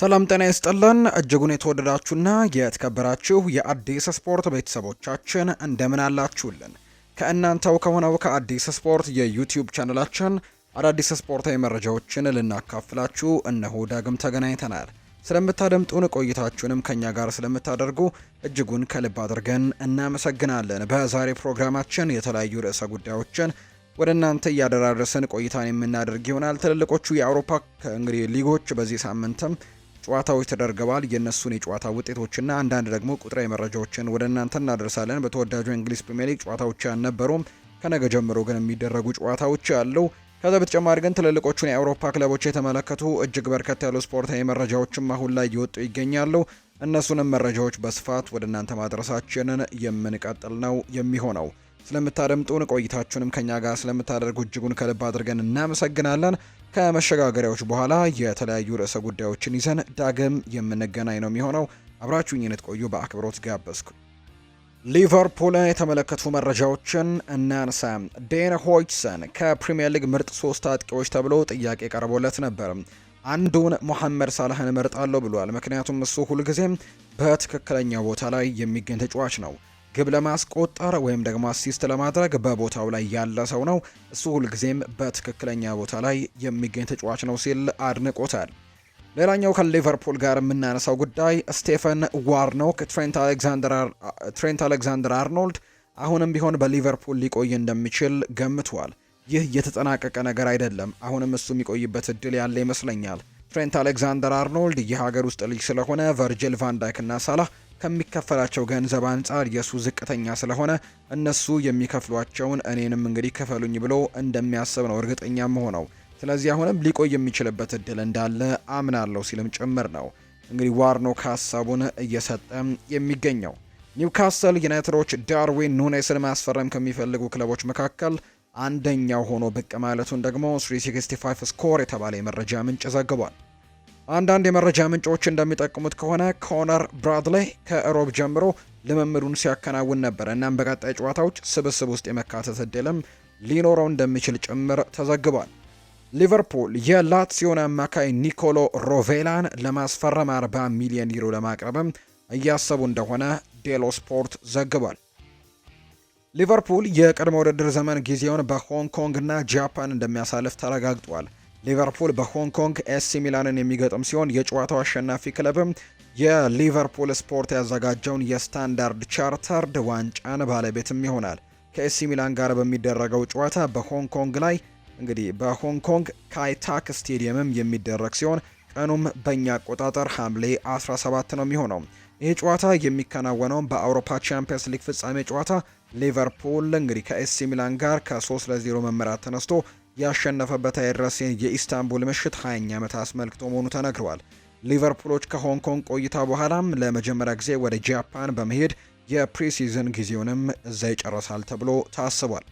ሰላም ጤና ይስጥልን እጅጉን የተወደዳችሁና የተከበራችሁ የአዲስ ስፖርት ቤተሰቦቻችን እንደምን አላችሁልን? ከእናንተው ከሆነው ከአዲስ ስፖርት የዩቲዩብ ቻነላችን አዳዲስ ስፖርታዊ መረጃዎችን ልናካፍላችሁ እነሆ ዳግም ተገናኝተናል። ስለምታደምጡን ቆይታችሁንም ከእኛ ጋር ስለምታደርጉ እጅጉን ከልብ አድርገን እናመሰግናለን። በዛሬ ፕሮግራማችን የተለያዩ ርዕሰ ጉዳዮችን ወደ እናንተ እያደራረስን ቆይታን የምናደርግ ይሆናል። ትልልቆቹ የአውሮፓ እንግዲህ ሊጎች በዚህ ሳምንትም ጨዋታዎች ተደርገዋል። የእነሱን የጨዋታ ውጤቶችና አንዳንድ ደግሞ ቁጥራዊ መረጃዎችን ወደ እናንተ እናደርሳለን። በተወዳጁ እንግሊዝ ፕሪምየር ሊግ ጨዋታዎች አልነበሩም። ከነገ ጀምሮ ግን የሚደረጉ ጨዋታዎች አሉ። ከዛ በተጨማሪ ግን ትልልቆቹን የአውሮፓ ክለቦች የተመለከቱ እጅግ በርከት ያሉ ስፖርታዊ መረጃዎችም አሁን ላይ እየወጡ ይገኛሉ። እነሱንም መረጃዎች በስፋት ወደ እናንተ ማድረሳችንን የምንቀጥል ነው የሚሆነው። ስለምታደምጡን ቆይታችሁንም ከኛ ጋር ስለምታደርጉ እጅጉን ከልብ አድርገን እናመሰግናለን። ከመሸጋገሪያዎች በኋላ የተለያዩ ርዕሰ ጉዳዮችን ይዘን ዳግም የምንገናኝ ነው የሚሆነው። አብራችሁኝ እንድትቆዩ በአክብሮት ጋበዝኩ። ሊቨርፑልን የተመለከቱ መረጃዎችን እናንሳ። ዴን ሆይችሰን ከፕሪምየር ሊግ ምርጥ ሶስት አጥቂዎች ተብሎ ጥያቄ ቀርቦለት ነበር። አንዱን ሞሐመድ ሳላህን እመርጣለሁ ብሏል። ምክንያቱም እሱ ሁልጊዜም በትክክለኛ ቦታ ላይ የሚገኝ ተጫዋች ነው። ግብ ለማስቆጠር ወይም ደግሞ አሲስት ለማድረግ በቦታው ላይ ያለ ሰው ነው። እሱ ሁልጊዜም በትክክለኛ ቦታ ላይ የሚገኝ ተጫዋች ነው ሲል አድንቆታል። ሌላኛው ከሊቨርፑል ጋር የምናነሳው ጉዳይ ስቴፈን ዋርኖክ ትሬንት አሌክዛንደር አርኖልድ አሁንም ቢሆን በሊቨርፑል ሊቆይ እንደሚችል ገምቷል። ይህ የተጠናቀቀ ነገር አይደለም። አሁንም እሱ የሚቆይበት እድል ያለ ይመስለኛል። ትሬንት አሌክዛንደር አርኖልድ የሀገር ውስጥ ልጅ ስለሆነ ቨርጅል ቫንዳይክ እና ሳላህ ከሚከፈላቸው ገንዘብ አንጻር የሱ ዝቅተኛ ስለሆነ እነሱ የሚከፍሏቸውን እኔንም እንግዲህ ክፈሉኝ ብሎ እንደሚያስብ ነው እርግጠኛ መሆነው። ስለዚህ አሁንም ሊቆይ የሚችልበት እድል እንዳለ አምናለሁ ሲልም ጭምር ነው እንግዲህ ዋርኖክ ሀሳቡን እየሰጠ የሚገኘው። ኒውካስል ዩናይትዶች ዳርዊን ኑኔስን ማስፈረም ከሚፈልጉ ክለቦች መካከል አንደኛው ሆኖ ብቅ ማለቱን ደግሞ 365 ስኮር የተባለ የመረጃ ምንጭ ዘግቧል። አንዳንድ የመረጃ ምንጮች እንደሚጠቁሙት ከሆነ ኮነር ብራድሌ ከእሮብ ጀምሮ ልምምዱን ሲያከናውን ነበር። እናም በቀጣይ ጨዋታዎች ስብስብ ውስጥ የመካተት እድልም ሊኖረው እንደሚችል ጭምር ተዘግቧል። ሊቨርፑል የላትሲዮን አማካይ ኒኮሎ ሮቬላን ለማስፈረም 40 ሚሊዮን ዩሮ ለማቅረብም እያሰቡ እንደሆነ ዴሎ ስፖርት ዘግቧል። ሊቨርፑል የቅድመ ውድድር ዘመን ጊዜውን በሆንግ ኮንግ እና ጃፓን እንደሚያሳልፍ ተረጋግጧል። ሊቨርፑል በሆንግ ኮንግ ኤሲ ሚላንን የሚገጥም ሲሆን የጨዋታው አሸናፊ ክለብም የሊቨርፑል ስፖርት ያዘጋጀውን የስታንዳርድ ቻርተርድ ዋንጫን ባለቤትም ይሆናል። ከኤሲ ሚላን ጋር በሚደረገው ጨዋታ በሆንግ ኮንግ ላይ እንግዲህ በሆንግ ኮንግ ካይታክ ስቴዲየምም የሚደረግ ሲሆን ቀኑም በእኛ አቆጣጠር ሐምሌ 17 ነው የሚሆነው። ይህ ጨዋታ የሚከናወነውም በአውሮፓ ቻምፒየንስ ሊግ ፍጻሜ ጨዋታ ሊቨርፑል እንግዲህ ከኤሲ ሚላን ጋር ከ3 ለ0 መመራት ተነስቶ ያሸነፈበት አይረሴን የኢስታንቡል ምሽት 20ኛ ዓመት አስመልክቶ መሆኑ ተነግሯል። ሊቨርፑሎች ከሆንግ ኮንግ ቆይታ በኋላም ለመጀመሪያ ጊዜ ወደ ጃፓን በመሄድ የፕሪሲዝን ጊዜውንም እዛ ይጨረሳል ተብሎ ታስቧል።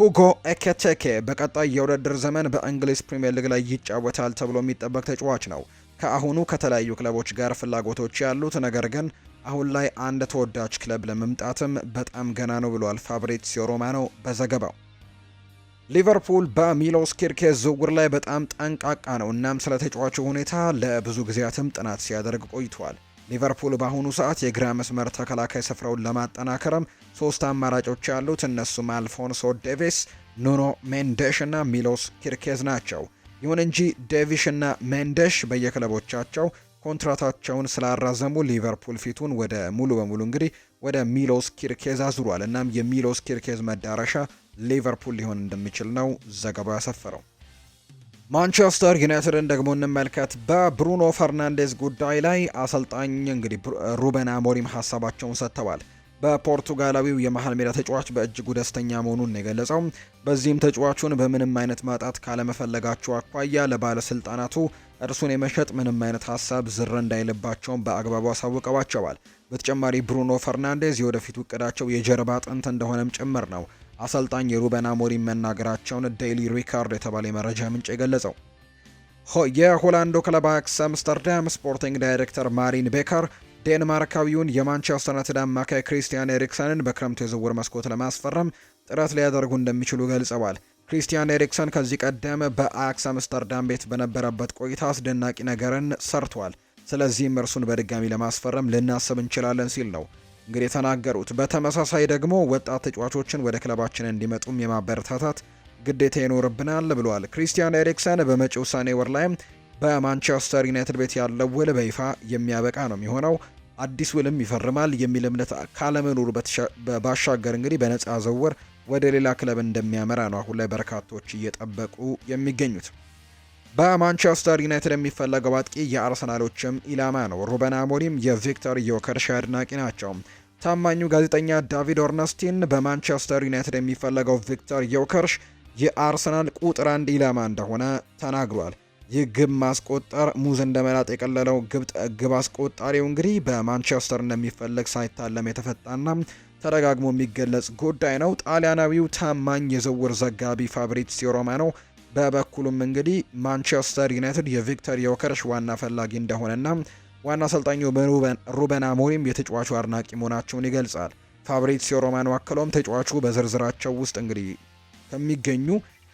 ሁጎ ኤኬቴኬ በቀጣይ የውድድር ዘመን በእንግሊዝ ፕሪምየር ሊግ ላይ ይጫወታል ተብሎ የሚጠበቅ ተጫዋች ነው። ከአሁኑ ከተለያዩ ክለቦች ጋር ፍላጎቶች ያሉት ነገር ግን አሁን ላይ አንድ ተወዳጅ ክለብ ለመምጣትም በጣም ገና ነው ብሏል ፋብሪዚዮ ሮማኖ በዘገባው። ሊቨርፑል በሚሎስ ኪርኬዝ ዝውውር ላይ በጣም ጠንቃቃ ነው። እናም ስለ ተጫዋቹ ሁኔታ ለብዙ ጊዜያትም ጥናት ሲያደርግ ቆይቷል። ሊቨርፑል በአሁኑ ሰዓት የግራ መስመር ተከላካይ ስፍራውን ለማጠናከርም ሶስት አማራጮች ያሉት እነሱም አልፎንሶ ዴቪስ፣ ኑኖ ሜንዴሽ እና ሚሎስ ኪርኬዝ ናቸው። ይሁን እንጂ ዴቪሽ እና ሜንዴሽ በየክለቦቻቸው ኮንትራታቸውን ስላራዘሙ ሊቨርፑል ፊቱን ወደ ሙሉ በሙሉ እንግዲህ ወደ ሚሎስ ኪርኬዝ አዙሯል። እናም የሚሎስ ኪርኬዝ መዳረሻ ሊቨርፑል ሊሆን እንደሚችል ነው ዘገባው ያሰፈረው። ማንቸስተር ዩናይትድን ደግሞ እንመልከት። በብሩኖ ፈርናንዴዝ ጉዳይ ላይ አሰልጣኝ እንግዲህ ሩበን አሞሪም ሀሳባቸውን ሰጥተዋል። በፖርቱጋላዊው የመሀል ሜዳ ተጫዋች በእጅጉ ደስተኛ መሆኑን የገለጸው በዚህም ተጫዋቹን በምንም አይነት ማጣት ካለመፈለጋቸው አኳያ ለባለስልጣናቱ እርሱን የመሸጥ ምንም አይነት ሀሳብ ዝር እንዳይልባቸውም በአግባቡ አሳውቀዋቸዋል። በተጨማሪ ብሩኖ ፈርናንዴዝ የወደፊት እቅዳቸው የጀርባ አጥንት እንደሆነም ጭምር ነው አሰልጣኝ ሩበን አሞሪም መናገራቸውን ዴይሊ ሪካርድ የተባለ የመረጃ ምንጭ የገለጸው። የሆላንዶ ክለብ አክስ አምስተርዳም ስፖርቲንግ ዳይሬክተር ማሪን ቤከር ዴንማርካዊውን የማንቸስተር ዩናይትድ አማካይ ክሪስቲያን ኤሪክሰንን በክረምቱ የዝውውር መስኮት ለማስፈረም ጥረት ሊያደርጉ እንደሚችሉ ገልጸዋል። ክሪስቲያን ኤሪክሰን ከዚህ ቀደም በአያክስ አምስተርዳም ቤት በነበረበት ቆይታ አስደናቂ ነገርን ሰርቷል። ስለዚህም እርሱን በድጋሚ ለማስፈረም ልናስብ እንችላለን ሲል ነው እንግዲህ የተናገሩት። በተመሳሳይ ደግሞ ወጣት ተጫዋቾችን ወደ ክለባችን እንዲመጡም የማበረታታት ግዴታ ይኖርብናል ብሏል። ክሪስቲያን ኤሪክሰን በመጪው ሰኔ ወር ላይ በማንቸስተር ዩናይትድ ቤት ያለው ውል በይፋ የሚያበቃ ነው የሚሆነው። አዲስ ውልም ይፈርማል የሚል እምነት ካለመኖሩ ባሻገር እንግዲህ በነፃ ዝውውር ወደ ሌላ ክለብ እንደሚያመራ ነው አሁን ላይ በርካቶች እየጠበቁ የሚገኙት። በማንቸስተር ዩናይትድ የሚፈለገው አጥቂ የአርሰናሎችም ኢላማ ነው። ሩበን አሞሪም የቪክተር ዮከርሽ አድናቂ ናቸው። ታማኙ ጋዜጠኛ ዳቪድ ኦርነስቲን በማንቸስተር ዩናይትድ የሚፈለገው ቪክተር ዮከርሽ የአርሰናል ቁጥር አንድ ኢላማ እንደሆነ ተናግሯል። ይህ ግብ ማስቆጠር ሙዝ እንደመላጥ የቀለለው ግብ አስቆጣሪው እንግዲህ በማንቸስተር እንደሚፈለግ ሳይታለም የተፈጣና ተደጋግሞ የሚገለጽ ጉዳይ ነው። ጣሊያናዊው ታማኝ የዝውውር ዘጋቢ ፋብሪዚዮ ሮማኖ ነው በበኩሉም እንግዲህ ማንቸስተር ዩናይትድ የቪክተር ዮከርሽ ዋና ፈላጊ እንደሆነና ዋና አሰልጣኙ ሩበን አሞሪም የተጫዋቹ አድናቂ መሆናቸውን ይገልጻል። ፋብሪዚዮ ሮማኖ አክለውም ተጫዋቹ በዝርዝራቸው ውስጥ እንግዲህ ከሚገኙ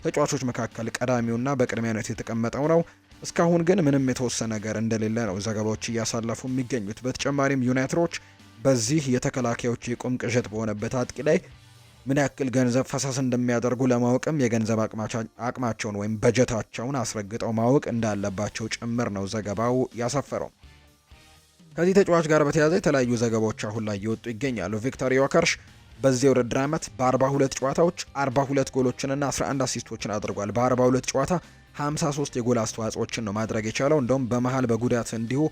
ተጫዋቾች መካከል ቀዳሚውና በቅድሚያነት የተቀመጠው ነው። እስካሁን ግን ምንም የተወሰነ ነገር እንደሌለ ነው ዘገባዎች እያሳለፉ የሚገኙት። በተጨማሪም ዩናይትዶች በዚህ የተከላካዮች የቁም ቅዠት በሆነበት አጥቂ ላይ ምን ያክል ገንዘብ ፈሰስ እንደሚያደርጉ ለማወቅም የገንዘብ አቅማቸውን ወይም በጀታቸውን አስረግጠው ማወቅ እንዳለባቸው ጭምር ነው ዘገባው ያሰፈረው። ከዚህ ተጫዋች ጋር በተያያዘ የተለያዩ ዘገባዎች አሁን ላይ እየወጡ ይገኛሉ። ቪክተር ዮከርሽ በዚህ የውድድር ዓመት በ42 ጨዋታዎች 42 ጎሎችንና 11 አሲስቶችን አድርጓል። በ42 ጨዋታ 53 የጎል አስተዋጽኦችን ነው ማድረግ የቻለው። እንደውም በመሃል በጉዳት እንዲሁ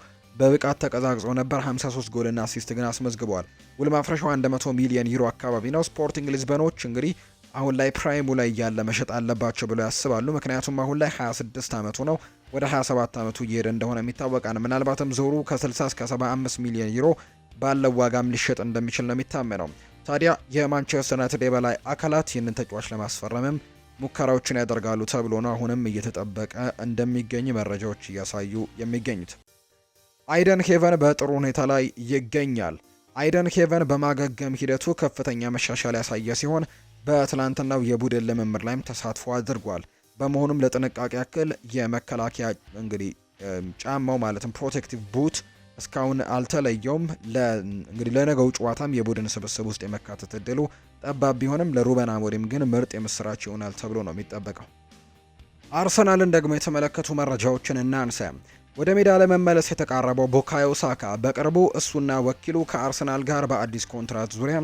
በብቃት ተቀዛቅዞ ነበር። 53 ጎልና አሲስት ግን አስመዝግቧል። ውል ማፍረሻው 100 ሚሊዮን ዩሮ አካባቢ ነው። ስፖርቲንግ ሊዝበኖች እንግዲህ አሁን ላይ ፕራይሙ ላይ ያለ መሸጥ አለባቸው ብለው ያስባሉ። ምክንያቱም አሁን ላይ 26 ዓመቱ ነው። ወደ 27 ዓመቱ እየሄደ እንደሆነ የሚታወቃል። ምናልባትም ዞሩ ከ60 እስከ 75 ሚሊዮን ዩሮ ባለው ዋጋም ሊሸጥ እንደሚችል ነው የሚታመነው። ታዲያ የማንቸስተር ዩናይትድ የበላይ አካላት ይህንን ተጫዋች ለማስፈረምም ሙከራዎችን ያደርጋሉ ተብሎ ነው አሁንም እየተጠበቀ እንደሚገኝ መረጃዎች እያሳዩ የሚገኙት። አይደን ሄቨን በጥሩ ሁኔታ ላይ ይገኛል። አይደን ሄቨን በማገገም ሂደቱ ከፍተኛ መሻሻል ያሳየ ሲሆን በትላንትናው የቡድን ልምምድ ላይም ተሳትፎ አድርጓል። በመሆኑም ለጥንቃቄ ያክል የመከላከያ እንግዲህ ጫማው ማለትም ፕሮቴክቲቭ ቡት እስካሁን አልተለየውም። እንግዲህ ለነገው ጨዋታም የቡድን ስብስብ ውስጥ የመካተት እድሉ ጠባብ ቢሆንም ለሩበን አሞሪም ግን ምርጥ የምስራች ይሆናል ተብሎ ነው የሚጠበቀው። አርሰናልን ደግሞ የተመለከቱ መረጃዎችን እናንሳ። ወደ ሜዳ ለመመለስ የተቃረበው ቡካዮ ሳካ በቅርቡ እሱና ወኪሉ ከአርሰናል ጋር በአዲስ ኮንትራት ዙሪያ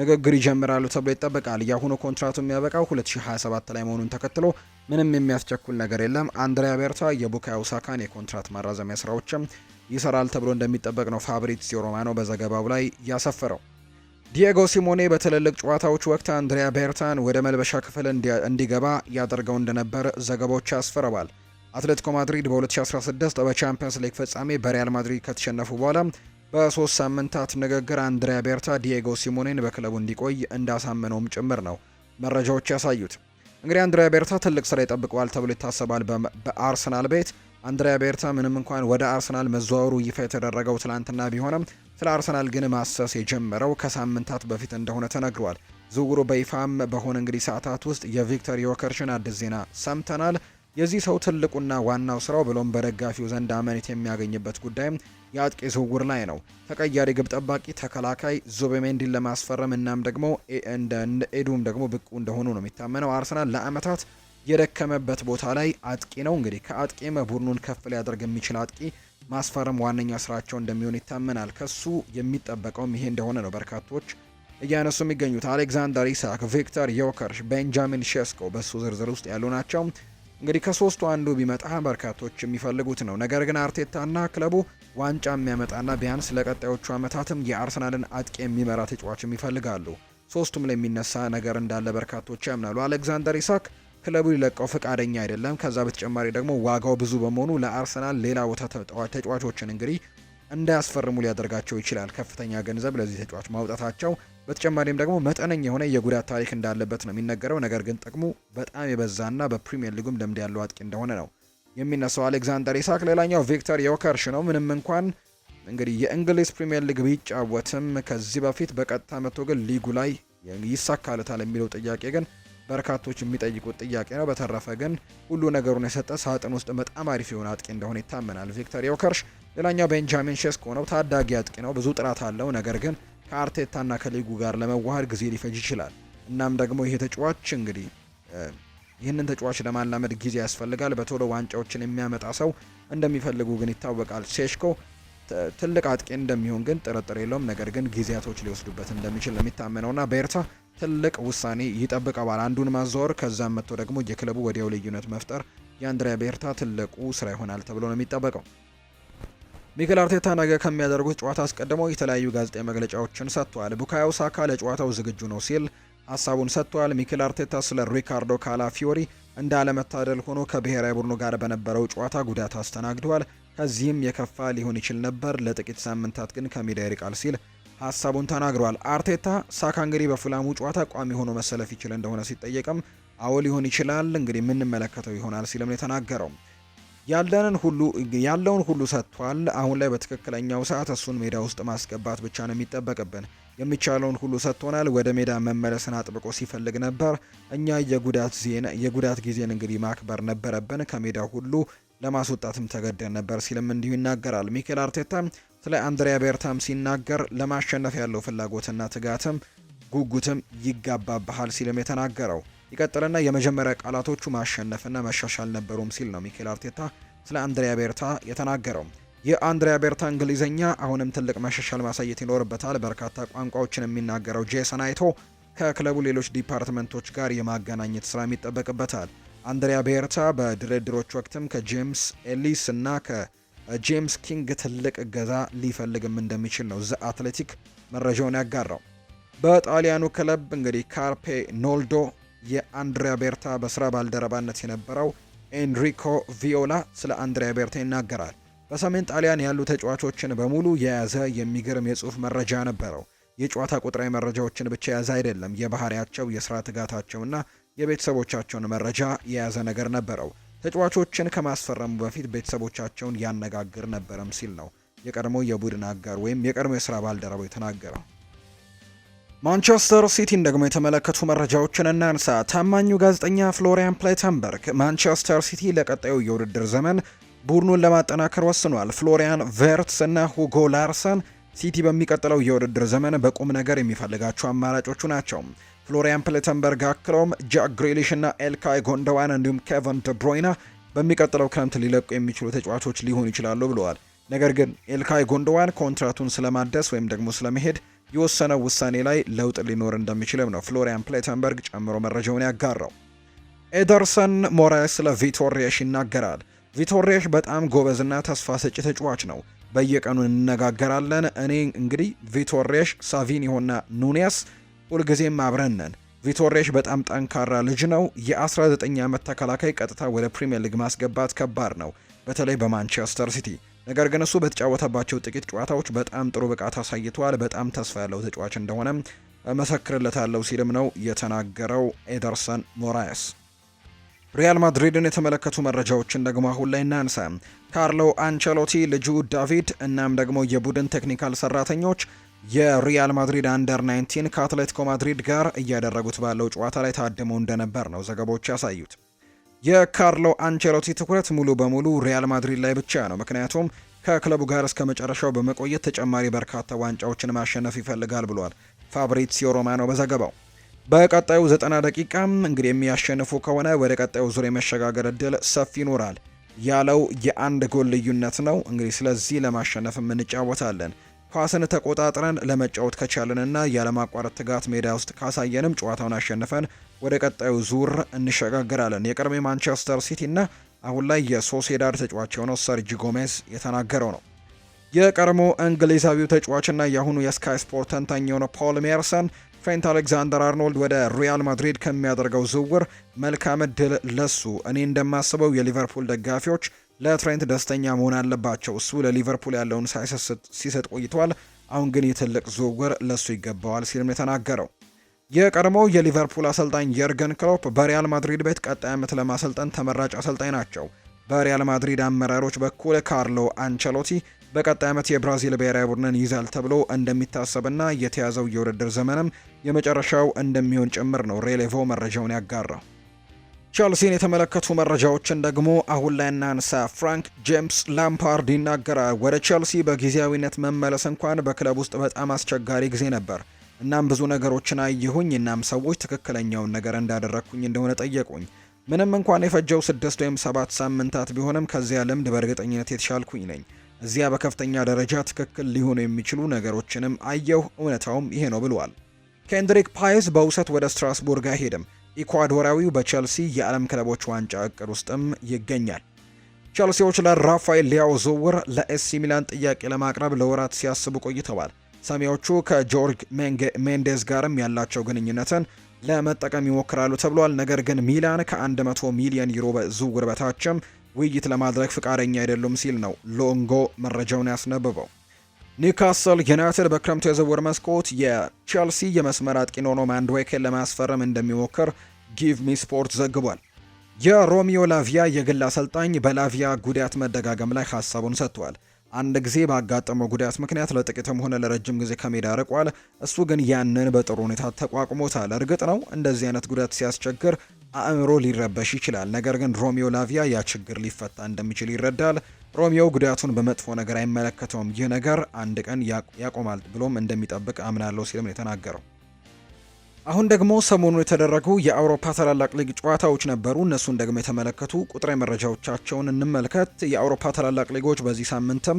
ንግግር ይጀምራሉ ተብሎ ይጠበቃል። የአሁኑ ኮንትራቱ የሚያበቃው 2027 ላይ መሆኑን ተከትሎ ምንም የሚያስቸኩል ነገር የለም። አንድሪያ ቤርታ የቡካዮ ሳካን የኮንትራት ማራዘሚያ ስራዎችም ይሰራል ተብሎ እንደሚጠበቅ ነው ፋብሪዚዮ ሮማኖ በዘገባው ላይ ያሰፈረው። ዲየጎ ሲሞኔ በትልልቅ ጨዋታዎች ወቅት አንድሪያ ቤርታን ወደ መልበሻ ክፍል እንዲገባ ያደርገው እንደነበር ዘገባዎች ያስፈረዋል። አትሌቲኮ ማድሪድ በ2016 በቻምፒየንስ ሊግ ፍጻሜ በሪያል ማድሪድ ከተሸነፉ በኋላ በሶስት ሳምንታት ንግግር አንድሪያ ቤርታ ዲየጎ ሲሞኔን በክለቡ እንዲቆይ እንዳሳመነውም ጭምር ነው መረጃዎች ያሳዩት። እንግዲህ አንድሪያ ቤርታ ትልቅ ስራ ይጠብቀዋል ተብሎ ይታሰባል። በአርሰናል ቤት አንድሪያ ቤርታ ምንም እንኳን ወደ አርሰናል መዘዋወሩ ይፋ የተደረገው ትላንትና ቢሆንም ስለ አርሰናል ግን ማሰስ የጀመረው ከሳምንታት በፊት እንደሆነ ተነግሯል። ዝውውሩ በይፋም በሆነ እንግዲህ ሰዓታት ውስጥ የቪክተር ዮከርሽን አዲስ ዜና ሰምተናል። የዚህ ሰው ትልቁና ዋናው ስራው ብሎም በደጋፊው ዘንድ አመኔት የሚያገኝበት ጉዳይም የአጥቂ ዝውውር ላይ ነው። ተቀያሪ ግብ ጠባቂ፣ ተከላካይ ዙቤሜንዲን ለማስፈረም እናም ደግሞ ኤዱም ደግሞ ብቁ እንደሆኑ ነው የሚታመነው። አርሰናል ለአመታት የደከመበት ቦታ ላይ አጥቂ ነው። እንግዲህ ከአጥቂ ቡድኑን ከፍ ሊያደርግ የሚችል አጥቂ ማስፈረም ዋነኛ ስራቸው እንደሚሆን ይታመናል። ከሱ የሚጠበቀውም ይሄ እንደሆነ ነው በርካቶች እያነሱ የሚገኙት። አሌክዛንደር ኢሳክ፣ ቪክተር ዮከርሽ፣ ቤንጃሚን ሼስኮ በሱ ዝርዝር ውስጥ ያሉ ናቸው። እንግዲህ ከሶስቱ አንዱ ቢመጣ በርካቶች የሚፈልጉት ነው። ነገር ግን አርቴታና ክለቡ ዋንጫ የሚያመጣና ቢያንስ ለቀጣዮቹ ዓመታትም የአርሰናልን አጥቂ የሚመራ ተጫዋችም ይፈልጋሉ። ሶስቱም ላይ የሚነሳ ነገር እንዳለ በርካቶች ያምናሉ። አሌክዛንደር ኢሳክ ክለቡ ሊለቀው ፈቃደኛ አይደለም። ከዛ በተጨማሪ ደግሞ ዋጋው ብዙ በመሆኑ ለአርሰናል ሌላ ቦታ ተጫዋቾችን እንግዲህ እንዳያስፈርሙ ሊያደርጋቸው ይችላል። ከፍተኛ ገንዘብ ለዚህ ተጫዋች ማውጣታቸው በተጨማሪም ደግሞ መጠነኛ የሆነ የጉዳት ታሪክ እንዳለበት ነው የሚነገረው። ነገር ግን ጥቅሙ በጣም የበዛና በፕሪምየር ሊጉም ልምድ ያለው አጥቂ እንደሆነ ነው የሚነሳው አሌክዛንደር ኢሳክ። ሌላኛው ቪክተር ዮከርሽ ነው። ምንም እንኳን እንግዲህ የእንግሊዝ ፕሪሚየር ሊግ ቢጫወትም ከዚህ በፊት በቀጥታ መጥቶ ግን ሊጉ ላይ ይሳካለታል የሚለው ጥያቄ ግን በርካቶች የሚጠይቁት ጥያቄ ነው። በተረፈ ግን ሁሉ ነገሩን የሰጠ ሳጥን ውስጥ በጣም አሪፍ የሆነ አጥቂ እንደሆነ ይታመናል ቪክተር ዮከርሽ። ሌላኛው ቤንጃሚን ሼስኮ ነው። ታዳጊ አጥቂ ነው፣ ብዙ ጥራት አለው። ነገር ግን ከአርቴታና ከሊጉ ጋር ለመዋሃድ ጊዜ ሊፈጅ ይችላል። እናም ደግሞ ይሄ ተጫዋች እንግዲህ ይህንን ተጫዋች ለማላመድ ጊዜ ያስፈልጋል። በቶሎ ዋንጫዎችን የሚያመጣ ሰው እንደሚፈልጉ ግን ይታወቃል። ሴሽኮ ትልቅ አጥቂ እንደሚሆን ግን ጥርጥር የለውም። ነገር ግን ጊዜያቶች ሊወስዱበት እንደሚችል የሚታመነውና በኤርታ ትልቅ ውሳኔ ይጠብቀዋል። አንዱን ማዛወር ከዛም መጥቶ ደግሞ የክለቡ ወዲያው ልዩነት መፍጠር የአንድሪያ ቤርታ ትልቁ ስራ ይሆናል ተብሎ ነው የሚጠበቀው። ሚኬል አርቴታ ነገ ከሚያደርጉት ጨዋታ አስቀድሞ የተለያዩ ጋዜጣዊ መግለጫዎችን ሰጥቷል። ቡካዮ ሳካ ለጨዋታው ዝግጁ ነው ሲል ሀሳቡን ሰጥቷል። ሚኬል አርቴታ ስለ ሪካርዶ ካላፊዮሪ እንዳለመታደል ሆኖ ከብሔራዊ ቡድኑ ጋር በነበረው ጨዋታ ጉዳት አስተናግዷል። ከዚህም የከፋ ሊሆን ይችል ነበር። ለጥቂት ሳምንታት ግን ከሜዳ ይርቃል ሲል ሀሳቡን ተናግሯል። አርቴታ ሳካ እንግዲህ በፉላሙ ጨዋታ ቋሚ ሆኖ መሰለፍ ይችል እንደሆነ ሲጠየቅም አዎ ሊሆን ይችላል እንግዲህ የምንመለከተው ይሆናል ሲልም የተናገረው ያለንን ሁሉ ያለውን ሁሉ ሰጥቷል። አሁን ላይ በትክክለኛው ሰዓት እሱን ሜዳ ውስጥ ማስገባት ብቻ ነው የሚጠበቅብን። የሚቻለውን ሁሉ ሰጥቶናል። ወደ ሜዳ መመለስን አጥብቆ ሲፈልግ ነበር። እኛ የጉዳት ዜና የጉዳት ጊዜን እንግዲህ ማክበር ነበረብን። ከሜዳ ሁሉ ለማስወጣትም ተገደን ነበር ሲልም እንዲሁ ይናገራል። ሚኬል አርቴታ ስለ አንድሪያ ቤርታም ሲናገር ለማሸነፍ ያለው ፍላጎትና ትጋትም ጉጉትም ይጋባብሃል ሲልም የተናገረው ይቀጥልና የመጀመሪያ ቃላቶቹ ማሸነፍና መሻሻል ነበሩም ሲል ነው ሚኬል አርቴታ ስለ አንድሪያ ቤርታ የተናገረው። የአንድሪያ ቤርታ እንግሊዝኛ አሁንም ትልቅ መሻሻል ማሳየት ይኖርበታል። በርካታ ቋንቋዎችን የሚናገረው ጄሰን አይቶ ከክለቡ ሌሎች ዲፓርትመንቶች ጋር የማገናኘት ስራም ይጠበቅበታል። አንድሪያ ቤርታ በድርድሮች ወቅትም ከጄምስ ኤሊስ እና ከጄምስ ኪንግ ትልቅ እገዛ ሊፈልግም እንደሚችል ነው ዘ አትሌቲክ መረጃውን ያጋራው። በጣሊያኑ ክለብ እንግዲህ ካርፔ ኖልዶ የአንድሪያ ቤርታ በስራ ባልደረባነት የነበረው ኤንሪኮ ቪዮላ ስለ አንድሪያ ቤርታ ይናገራል። በሰሜን ጣሊያን ያሉ ተጫዋቾችን በሙሉ የያዘ የሚገርም የጽሑፍ መረጃ ነበረው። የጨዋታ ቁጥራዊ መረጃዎችን ብቻ የያዘ አይደለም፣ የባህሪያቸው፣ የስራ ትጋታቸውና የቤተሰቦቻቸውን መረጃ የያዘ ነገር ነበረው። ተጫዋቾችን ከማስፈረሙ በፊት ቤተሰቦቻቸውን ያነጋግር ነበረም ሲል ነው የቀድሞ የቡድን አጋር ወይም የቀድሞ የስራ ባልደረባው የተናገረው። ማንቸስተር ሲቲን ደግሞ የተመለከቱ መረጃዎችን እናንሳ። ታማኙ ጋዜጠኛ ፍሎሪያን ፕሌተንበርግ ማንቸስተር ሲቲ ለቀጣዩ የውድድር ዘመን ቡድኑን ለማጠናከር ወስኗል። ፍሎሪያን ቬርትስ እና ሁጎ ላርሰን ሲቲ በሚቀጥለው የውድድር ዘመን በቁም ነገር የሚፈልጋቸው አማራጮቹ ናቸው። ፍሎሪያን ፕሌተንበርግ አክለውም ጃክ ግሪሊሽ እና ኤልካይ ጎንደዋን እንዲሁም ኬቨን ደብሮይና በሚቀጥለው ክረምት ሊለቁ የሚችሉ ተጫዋቾች ሊሆኑ ይችላሉ ብለዋል። ነገር ግን ኤልካይ ጎንደዋን ኮንትራቱን ስለማደስ ወይም ደግሞ ስለመሄድ የወሰነው ውሳኔ ላይ ለውጥ ሊኖር እንደሚችልም ነው ፍሎሪያን ፕሌተንበርግ ጨምሮ መረጃውን ያጋራው። ኤደርሰን ሞራስ ስለ ቪቶሪየሽ ይናገራል። ቪቶሪየሽ በጣም ጎበዝና ተስፋ ሰጪ ተጫዋች ነው። በየቀኑ እንነጋገራለን። እኔ እንግዲህ ቪቶሪየሽ፣ ሳቪኒሆና ኑኔስ ሁልጊዜም አብረን ነን። ቪቶሪየሽ በጣም ጠንካራ ልጅ ነው። የ19 ዓመት ተከላካይ ቀጥታ ወደ ፕሪምየር ሊግ ማስገባት ከባድ ነው፣ በተለይ በማንቸስተር ሲቲ ነገር ግን እሱ በተጫወተባቸው ጥቂት ጨዋታዎች በጣም ጥሩ ብቃት አሳይቷል። በጣም ተስፋ ያለው ተጫዋች እንደሆነ መሰክርለታለሁ ሲልም ነው የተናገረው ኤደርሰን ሞራየስ። ሪያል ማድሪድን የተመለከቱ መረጃዎችን ደግሞ አሁን ላይ እናንሳ። ካርሎ አንቸሎቲ፣ ልጁ ዳቪድ እናም ደግሞ የቡድን ቴክኒካል ሰራተኞች የሪያል ማድሪድ አንደር 19 ከአትሌቲኮ ማድሪድ ጋር እያደረጉት ባለው ጨዋታ ላይ ታድመው እንደነበር ነው ዘገባዎች ያሳዩት። የካርሎ አንቸሎቲ ትኩረት ሙሉ በሙሉ ሪያል ማድሪድ ላይ ብቻ ነው። ምክንያቱም ከክለቡ ጋር እስከ መጨረሻው በመቆየት ተጨማሪ በርካታ ዋንጫዎችን ማሸነፍ ይፈልጋል ብሏል ፋብሪዚዮ ሮማኖ በዘገባው። በቀጣዩ 90 ደቂቃም እንግዲህ የሚያሸንፉ ከሆነ ወደ ቀጣዩ ዙር የመሸጋገር እድል ሰፊ ይኖራል ያለው የአንድ ጎል ልዩነት ነው። እንግዲህ ስለዚህ ለማሸነፍም እንጫወታለን። ኳስን ተቆጣጥረን ለመጫወት ከቻለንና ያለማቋረጥ ትጋት ሜዳ ውስጥ ካሳየንም ጨዋታውን አሸንፈን ወደ ቀጣዩ ዙር እንሸጋግራለን። የቀድሞ ማንቸስተር ሲቲና አሁን ላይ የሶሴዳድ ተጫዋች የሆነው ሰርጂ ጎሜዝ የተናገረው ነው። የቀድሞ እንግሊዛዊው ተጫዋችና የአሁኑ የስካይ ስፖርት ተንታኝ የሆነው ፖል ሜርሰን ትሬንት አሌክዛንደር አርኖልድ ወደ ሪያል ማድሪድ ከሚያደርገው ዝውውር መልካም እድል ለሱ፣ እኔ እንደማስበው የሊቨርፑል ደጋፊዎች ለትሬንት ደስተኛ መሆን አለባቸው። እሱ ለሊቨርፑል ያለውን ሲሰጥ ቆይቷል። አሁን ግን የትልቅ ዝውውር ለእሱ ይገባዋል ሲልም የተናገረው የቀድሞው የሊቨርፑል አሰልጣኝ የርገን ክሎፕ በሪያል ማድሪድ ቤት ቀጣይ ዓመት ለማሰልጠን ተመራጭ አሰልጣኝ ናቸው። በሪያል ማድሪድ አመራሮች በኩል ካርሎ አንቸሎቲ በቀጣይ ዓመት የብራዚል ብሔራዊ ቡድንን ይዛል ተብሎ እንደሚታሰብና የተያዘው የውድድር ዘመንም የመጨረሻው እንደሚሆን ጭምር ነው ሬሌቮ መረጃውን ያጋራው። ቸልሲን የተመለከቱ መረጃዎችን ደግሞ አሁን ላይ እናንሳ። ፍራንክ ጄምስ ላምፓርድ ይናገራል። ወደ ቸልሲ በጊዜያዊነት መመለስ እንኳን በክለብ ውስጥ በጣም አስቸጋሪ ጊዜ ነበር። እናም ብዙ ነገሮችን አየሁኝ። እናም ሰዎች ትክክለኛውን ነገር እንዳደረግኩኝ እንደሆነ ጠየቁኝ። ምንም እንኳን የፈጀው ስድስት ወይም ሰባት ሳምንታት ቢሆንም ከዚያ ልምድ በእርግጠኝነት የተሻልኩኝ ነኝ። እዚያ በከፍተኛ ደረጃ ትክክል ሊሆኑ የሚችሉ ነገሮችንም አየሁ። እውነታውም ይሄ ነው ብሏል። ኬንድሪክ ፓይስ በውሰት ወደ ስትራስቡርግ አይሄድም። ኢኳዶራዊው በቼልሲ የዓለም ክለቦች ዋንጫ እቅድ ውስጥም ይገኛል። ቼልሲዎች ለራፋኤል ሊያው ዝውውር ለኤሲ ሚላን ጥያቄ ለማቅረብ ለወራት ሲያስቡ ቆይተዋል። ሰሜዎቹ ከጆርጅ ሜንዴዝ ጋርም ያላቸው ግንኙነትን ለመጠቀም ይሞክራሉ ተብሏል። ነገር ግን ሚላን ከ100 ሚሊዮን ዩሮ ዝውውር በታችም ውይይት ለማድረግ ፍቃደኛ አይደሉም ሲል ነው ሎንጎ መረጃውን ያስነብበው። ኒውካስል ዩናይትድ በክረምቱ የዝውውር መስኮት የቼልሲ የመስመር አጥቂ ኖኖ ማንድዌኬን ለማስፈረም እንደሚሞክር ጊቭ ሚ ስፖርት ዘግቧል። የሮሚዮ ላቪያ የግል አሰልጣኝ በላቪያ ጉዳት መደጋገም ላይ ሀሳቡን ሰጥቷል። አንድ ጊዜ ባጋጠመው ጉዳት ምክንያት ለጥቂትም ሆነ ለረጅም ጊዜ ከሜዳ ርቋል። እሱ ግን ያንን በጥሩ ሁኔታ ተቋቁሞታል። እርግጥ ነው እንደዚህ አይነት ጉዳት ሲያስቸግር አእምሮ ሊረበሽ ይችላል። ነገር ግን ሮሚዮ ላቪያ ያ ችግር ሊፈታ እንደሚችል ይረዳል። ሮሚዮ ጉዳቱን በመጥፎ ነገር አይመለከተውም። ይህ ነገር አንድ ቀን ያቆማል ብሎም እንደሚጠብቅ አምናለሁ ሲልም የተናገረው። አሁን ደግሞ ሰሞኑን የተደረጉ የአውሮፓ ታላላቅ ሊግ ጨዋታዎች ነበሩ። እነሱን ደግሞ የተመለከቱ ቁጥራዊ መረጃዎቻቸውን እንመልከት። የአውሮፓ ታላላቅ ሊጎች በዚህ ሳምንትም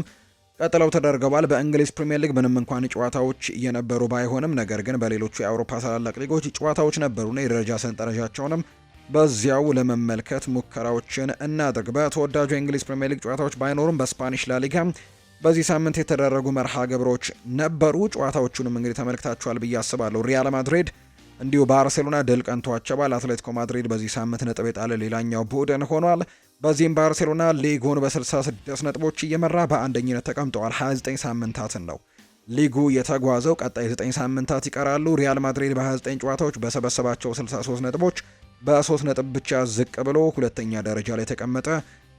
ቀጥለው ተደርገዋል። በእንግሊዝ ፕሪምየር ሊግ ምንም እንኳን ጨዋታዎች እየነበሩ ባይሆንም ነገር ግን በሌሎቹ የአውሮፓ ታላላቅ ሊጎች ጨዋታዎች ነበሩና የደረጃ ሰንጠረዣቸውንም በዚያው ለመመልከት ሙከራዎችን እናድርግ። በተወዳጁ የእንግሊዝ ፕሪምየር ሊግ ጨዋታዎች ባይኖሩም በስፓኒሽ ላሊጋ በዚህ ሳምንት የተደረጉ መርሃ ግብሮች ነበሩ። ጨዋታዎቹንም እንግዲህ ተመልክታችኋል ብዬ አስባለሁ። ሪያል ማድሪድ እንዲሁ ባርሴሎና ድል ቀንቷቸዋል። አትሌቲኮ ማድሪድ በዚህ ሳምንት ነጥብ የጣለ ሌላኛው ቡድን ሆኗል። በዚህም ባርሴሎና ሊጉን በ66 ነጥቦች እየመራ በአንደኝነት ተቀምጠዋል። 29 ሳምንታትን ነው ሊጉ የተጓዘው ቀጣይ 9 ሳምንታት ይቀራሉ። ሪያል ማድሪድ በ29 ጨዋታዎች በሰበሰባቸው 63 ነጥቦች በሶስት ነጥብ ብቻ ዝቅ ብሎ ሁለተኛ ደረጃ ላይ ተቀመጠ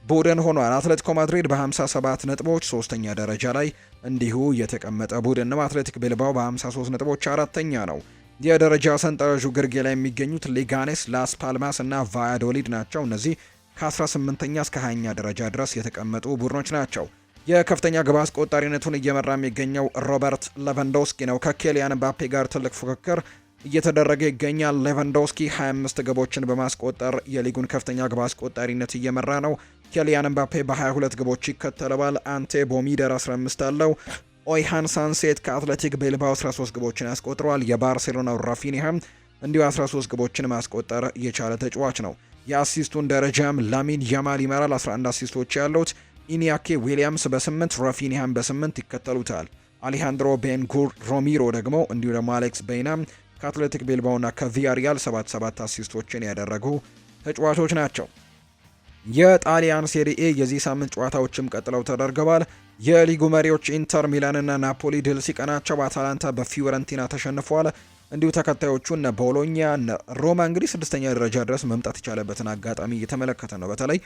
ቡድን ሆኗል። አትሌቲኮ ማድሪድ በ57 ነጥቦች ሶስተኛ ደረጃ ላይ እንዲሁ የተቀመጠ ቡድን ነው። አትሌቲክ ቤልባው በ53 ነጥቦች አራተኛ ነው። የደረጃ ሰንጠረዡ ግርጌ ላይ የሚገኙት ሊጋኔስ፣ ላስ ፓልማስ እና ቫያዶሊድ ናቸው። እነዚህ ከ18ኛ እስከ 20ኛ ደረጃ ድረስ የተቀመጡ ቡድኖች ናቸው። የከፍተኛ ግብ አስቆጣሪነቱን እየመራ የሚገኘው ሮበርት ሌቫንዶስኪ ነው። ከኬሊያን ምባፔ ጋር ትልቅ ፉክክር እየተደረገ ይገኛል። ሌቫንዶስኪ 25 ግቦችን በማስቆጠር የሊጉን ከፍተኛ ግብ አስቆጣሪነት እየመራ ነው። ኬሊያን ኤምባፔ በ22 ግቦች ይከተለዋል። አንቴ ቦሚደር 15 አለው። ኦይሃን ሳንሴት ከአትሌቲክ ቤልባው 13 ግቦችን ያስቆጥረዋል። የባርሴሎናው ራፊኒሃም እንዲሁ 13 ግቦችን ማስቆጠር የቻለ ተጫዋች ነው። የአሲስቱን ደረጃም ላሚን ያማል ይመራል። 11 አሲስቶች ያሉት ኢኒያኬ ዊሊያምስ በ8 ራፊኒሃም በ8 ይከተሉታል። አሌሃንድሮ ቤንጉር ሮሚሮ ደግሞ እንዲሁ ደግሞ አሌክስ በይናም ከአትሌቲክ ቤልባውና ከቪያሪያል 77 አሲስቶችን ያደረጉ ተጫዋቾች ናቸው። የጣሊያን ሴሪኤ የዚህ ሳምንት ጨዋታዎችም ቀጥለው ተደርገዋል። የሊጉ መሪዎች ኢንተር ሚላንና ናፖሊ ድል ሲቀናቸው፣ አታላንታ በፊዮረንቲና ተሸንፏል። እንዲሁ ተከታዮቹ እነ ቦሎኛ እነ ሮማ እንግዲህ ስድስተኛ ደረጃ ድረስ መምጣት የቻለበትን አጋጣሚ እየተመለከተ ነው። በተለይ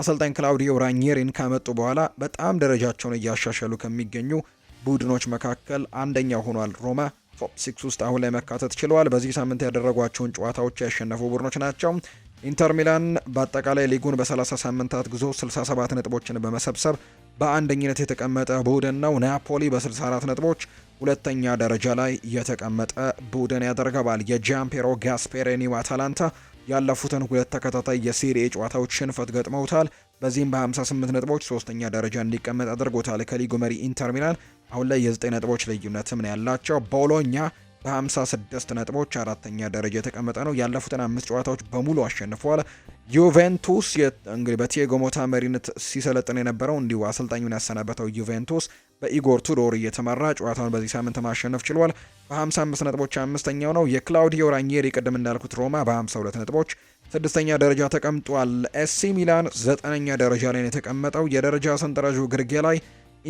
አሰልጣኝ ክላውዲዮ ራኒሪን ካመጡ በኋላ በጣም ደረጃቸውን እያሻሸሉ ከሚገኙ ቡድኖች መካከል አንደኛ ሆኗል ሮማ ቶፕ ሲክስ ውስጥ አሁን ላይ መካተት ችለዋል። በዚህ ሳምንት ያደረጓቸውን ጨዋታዎች ያሸነፉ ቡድኖች ናቸው። ኢንተር ሚላን በአጠቃላይ ሊጉን በ30 ሳምንታት ጉዞ 67 ነጥቦችን በመሰብሰብ በአንደኝነት የተቀመጠ ቡድን ነው። ናፖሊ በ64 ነጥቦች ሁለተኛ ደረጃ ላይ የተቀመጠ ቡድን ያደርገዋል። የጃምፔሮ ጋስፔሬኒው አታላንታ ያለፉትን ሁለት ተከታታይ የሴሪኤ ጨዋታዎች ሽንፈት ገጥመውታል። በዚህም በ58 ነጥቦች ሶስተኛ ደረጃ እንዲቀመጥ አድርጎታል። ከሊጉ መሪ ኢንተር ሚላን አሁን ላይ የዘጠኝ ነጥቦች ልዩነትም ምን ያላቸው። ቦሎኛ በ56 ነጥቦች አራተኛ ደረጃ የተቀመጠ ነው። ያለፉትን አምስት ጨዋታዎች በሙሉ አሸንፏል። ዩቬንቱስ እንግዲህ በቲያጎ ሞታ መሪነት ሲሰለጥን የነበረው እንዲሁ አሰልጣኙን ያሰናበተው ዩቬንቱስ በኢጎር ቱዶር እየተመራ ጨዋታውን በዚህ ሳምንት ማሸነፍ ችሏል። በ55 ነጥቦች አምስተኛው ነው። የክላውዲዮ ራኒየሪ ቅድም እንዳልኩት ሮማ በ52 ነጥቦች ስድስተኛ ደረጃ ተቀምጧል። ኤሲ ሚላን ዘጠነኛ ደረጃ ላይ የተቀመጠው የደረጃ ሰንጠረዡ ግርጌ ላይ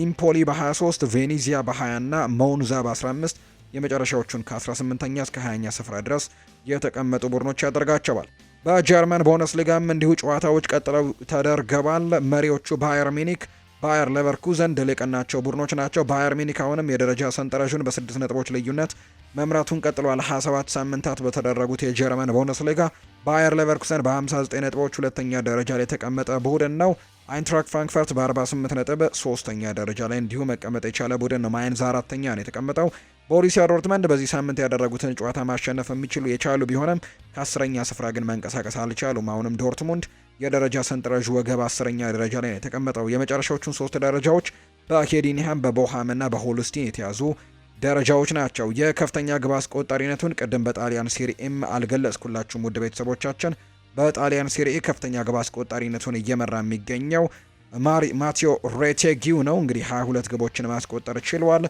ኢምፖሊ በ23 ቬኔዚያ በ20 ና ሞንዛ በ15 የመጨረሻዎቹን ከ18ኛ እስከ 20ኛ ስፍራ ድረስ የተቀመጡ ቡድኖች ያደርጋቸዋል። በጀርመን ቦነስ ሊጋም እንዲሁ ጨዋታዎች ቀጥለው ተደርገዋል። መሪዎቹ ባየር ሚኒክ፣ ባየር ለቨርኩዘን ድል የቀናቸው ቡድኖች ናቸው። ባየር ሚኒክ አሁንም የደረጃ ሰንጠረዥን በስድስት ነጥቦች ልዩነት መምራቱን ቀጥሏል። 27 ሳምንታት በተደረጉት የጀርመን ቦነስ ሊጋ ባየር ሌቨርኩሰን በ59 ነጥቦች ሁለተኛ ደረጃ ላይ የተቀመጠ ቡድን ነው። አይንትራክ ፍራንክፈርት በ48 ነጥብ ሶስተኛ ደረጃ ላይ እንዲሁ መቀመጥ የቻለ ቡድን ነው። ማይንዝ አራተኛ ነው የተቀመጠው። ቦሩሲያ ዶርትመንድ በዚህ ሳምንት ያደረጉትን ጨዋታ ማሸነፍ የሚችሉ የቻሉ ቢሆንም ከአስረኛ ስፍራ ግን መንቀሳቀስ አልቻሉም። አሁንም ዶርትሙንድ የደረጃ ሰንጠረዥ ወገብ አስረኛ ደረጃ ላይ ነው የተቀመጠው። የመጨረሻዎቹን ሶስት ደረጃዎች በአኬዲኒሃም በቦሃምና በሆልስቲን የተያዙ ደረጃዎች ናቸው። የከፍተኛ ግብ አስቆጣሪነቱን ቅድም በጣሊያን ሴሪኤም አልገለጽኩላችሁም ውድ ቤተሰቦቻችን በጣሊያን ሴሪኤ ከፍተኛ ግብ አስቆጣሪነቱን እየመራ የሚገኘው ማሪ ማቴዮ ሬቴጊው ነው። እንግዲህ 22 ግቦችን ማስቆጠር ችሏል።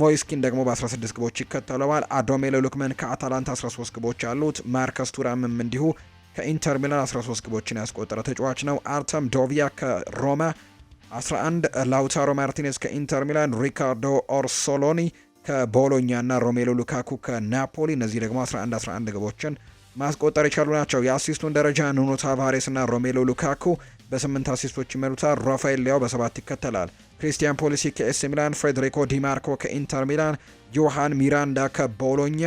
ሞይስኪን ደግሞ በ16 ግቦች ይከተለዋል። አዶሜሎ ሉክመን ከአታላንታ 13 ግቦች አሉት። ማርከስ ቱራምም እንዲሁ ከኢንተር ሚላን 13 ግቦችን ያስቆጠረ ተጫዋች ነው። አርተም ዶቪያ ከሮማ 11፣ ላውታሮ ማርቲኔዝ ከኢንተር ሚላን፣ ሪካርዶ ኦርሶሎኒ ከቦሎኛ እና ሮሜሎ ሉካኩ ከናፖሊ እነዚህ ደግሞ 11 11 ግቦችን ማስቆጠር የቻሉ ናቸው። የአሲስቱን ደረጃ ኑኖ ታቫሬስ እና ሮሜሎ ሉካኩ በስምንት አሲስቶች ይመሩታል። ራፋኤል ሊያው በሰባት ይከተላል። ክሪስቲያን ፖሊሲ ከኤሲ ሚላን፣ ፍሬድሪኮ ዲማርኮ ከኢንተር ሚላን፣ ዮሃን ሚራንዳ ከቦሎኛ፣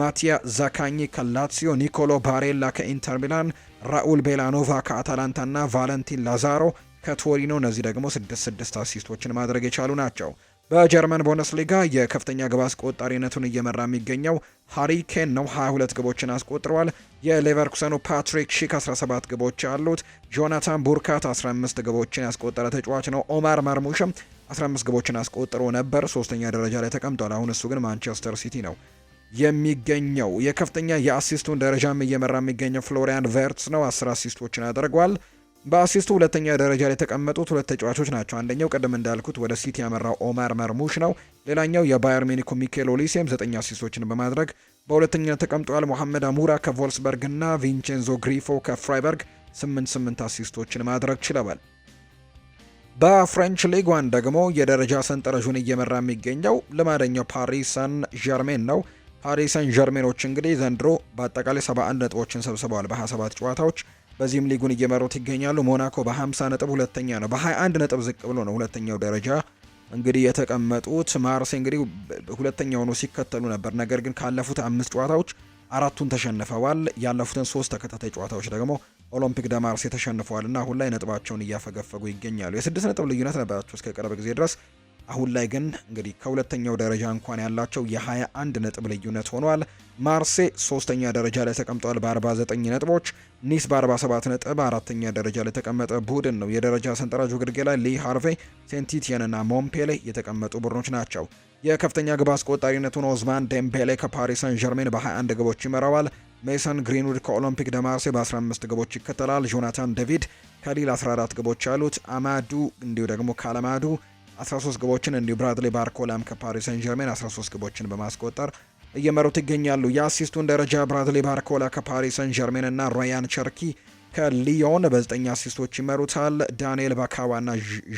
ማቲያ ዛካኚ ከላሲዮ፣ ኒኮሎ ባሬላ ከኢንተር ሚላን፣ ራኡል ቤላኖቫ ከአታላንታ እና ቫለንቲን ላዛሮ ከቶሪኖ እነዚህ ደግሞ ስድስት ስድስት አሲስቶችን ማድረግ የቻሉ ናቸው። በጀርመን ቡንደስሊጋ የከፍተኛ ግብ አስቆጣሪነቱን እየመራ የሚገኘው ሃሪ ኬን ነው። 22 ግቦችን አስቆጥሯል። የሌቨርኩሰኑ ፓትሪክ ሺክ 17 ግቦች አሉት። ጆናታን ቡርካት 15 ግቦችን ያስቆጠረ ተጫዋች ነው። ኦማር ማርሙሽም 15 ግቦችን አስቆጥሮ ነበር፣ ሶስተኛ ደረጃ ላይ ተቀምጧል። አሁን እሱ ግን ማንቸስተር ሲቲ ነው የሚገኘው። የከፍተኛ የአሲስቱን ደረጃም እየመራ የሚገኘው ፍሎሪያን ቨርትስ ነው። 10 አሲስቶችን አድርጓል። በአሲስቱ ሁለተኛ ደረጃ ላይ የተቀመጡት ሁለት ተጫዋቾች ናቸው። አንደኛው ቀደም እንዳልኩት ወደ ሲቲ ያመራው ኦማር መርሙሽ ነው። ሌላኛው የባየር ሚኒኩ ሚኬል ኦሊሴም ዘጠኝ አሲስቶችን በማድረግ በሁለተኛ ተቀምጧል። ሞሐመድ አሙራ ከቮልስበርግ እና ቪንቼንዞ ግሪፎ ከፍራይበርግ ስምንት ስምንት አሲስቶችን ማድረግ ችለዋል። በፍሬንች ሊግ ዋን ደግሞ የደረጃ ሰንጠረዡን እየመራ የሚገኘው ልማደኛው ፓሪስ ሳን ዠርሜን ነው። ፓሪሰን ዠርሜኖች እንግዲህ ዘንድሮ በአጠቃላይ 71 ነጥቦችን ሰብስበዋል በ27 ጨዋታዎች በዚህም ሊጉን እየመሩት ይገኛሉ። ሞናኮ በ50 ነጥብ ሁለተኛ ነው። በ21 ነጥብ ዝቅ ብሎ ነው ሁለተኛው ደረጃ እንግዲህ የተቀመጡት። ማርሴ እንግዲህ ሁለተኛ ሆኖ ሲከተሉ ነበር። ነገር ግን ካለፉት አምስት ጨዋታዎች አራቱን ተሸንፈዋል። ያለፉትን ሶስት ተከታታይ ጨዋታዎች ደግሞ ኦሎምፒክ ደ ማርሴ ተሸንፈዋል እና አሁን ላይ ነጥባቸውን እያፈገፈጉ ይገኛሉ። የስድስት ነጥብ ልዩነት ነበራቸው እስከ ቅርብ ጊዜ ድረስ አሁን ላይ ግን እንግዲህ ከሁለተኛው ደረጃ እንኳን ያላቸው የ21 ነጥብ ልዩነት ሆኗል። ማርሴ ሶስተኛ ደረጃ ላይ ተቀምጧል በ49 ነጥቦች። ኒስ በ47 ነጥብ አራተኛ ደረጃ ላይ ተቀመጠ ቡድን ነው። የደረጃ ሰንጠረዡ ግርጌ ላይ ሊ ሃርቬ፣ ሴንቲቲየንና ሞምፔሌ የተቀመጡ ቡድኖች ናቸው። የከፍተኛ ግብ አስቆጣሪነቱን ኦዝማን ዴምቤሌ ከፓሪስ ሰን ዠርሜን በ21 ግቦች ይመራዋል። ሜሰን ግሪንውድ ከኦሎምፒክ ደማርሴ በ15 ግቦች ይከተላል። ጆናታን ዴቪድ ከሊል 14 ግቦች አሉት። አማዱ እንዲሁ ደግሞ ካለማዱ 13 ግቦችን እንዲሁ ብራድሊ ባርኮላም ከፓሪስ ሰን ጀርሜን 13 ግቦችን በማስቆጠር እየመሩት ይገኛሉ። የአሲስቱን ደረጃ ብራድሊ ባርኮላ ከፓሪስ ሰን ጀርሜን እና ራያን ቸርኪ ከሊዮን በ9 አሲስቶች ይመሩታል። ዳንኤል ባካዋና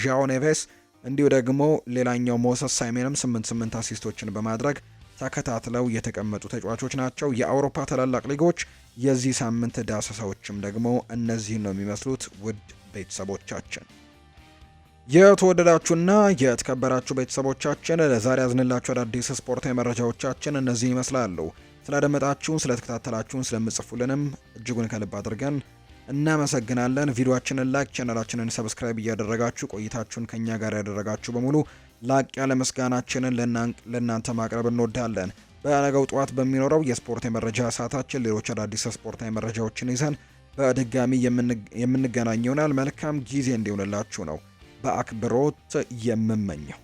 ዣኦ ኔቬስ እንዲሁ ደግሞ ሌላኛው ሞሰስ ሳይሜንም 88 አሲስቶችን በማድረግ ተከታትለው የተቀመጡ ተጫዋቾች ናቸው። የአውሮፓ ታላላቅ ሊጎች የዚህ ሳምንት ዳሰሳዎችም ደግሞ እነዚህን ነው የሚመስሉት። ውድ ቤተሰቦቻችን የተወደዳችሁና የተከበራችሁ ቤተሰቦቻችን ለዛሬ ያዝንላችሁ አዳዲስ ስፖርታዊ መረጃዎቻችን እነዚህ ይመስላሉ። ስላደመጣችሁን፣ ስለተከታተላችሁን፣ ስለምጽፉልንም እጅጉን ከልብ አድርገን እናመሰግናለን። ቪዲዮችንን ላይክ፣ ቻናላችንን ሰብስክራይብ እያደረጋችሁ ቆይታችሁን ከእኛ ጋር ያደረጋችሁ በሙሉ ላቅ ያለ ምስጋናችንን ለእናንተ ማቅረብ እንወዳለን። በነገው ጠዋት በሚኖረው የስፖርት የመረጃ ሰዓታችን ሌሎች አዳዲስ ስፖርታዊ መረጃዎችን ይዘን በድጋሚ የምንገናኝ ይሆናል። መልካም ጊዜ እንዲሆንላችሁ ነው በአክብሮት የምመኘው።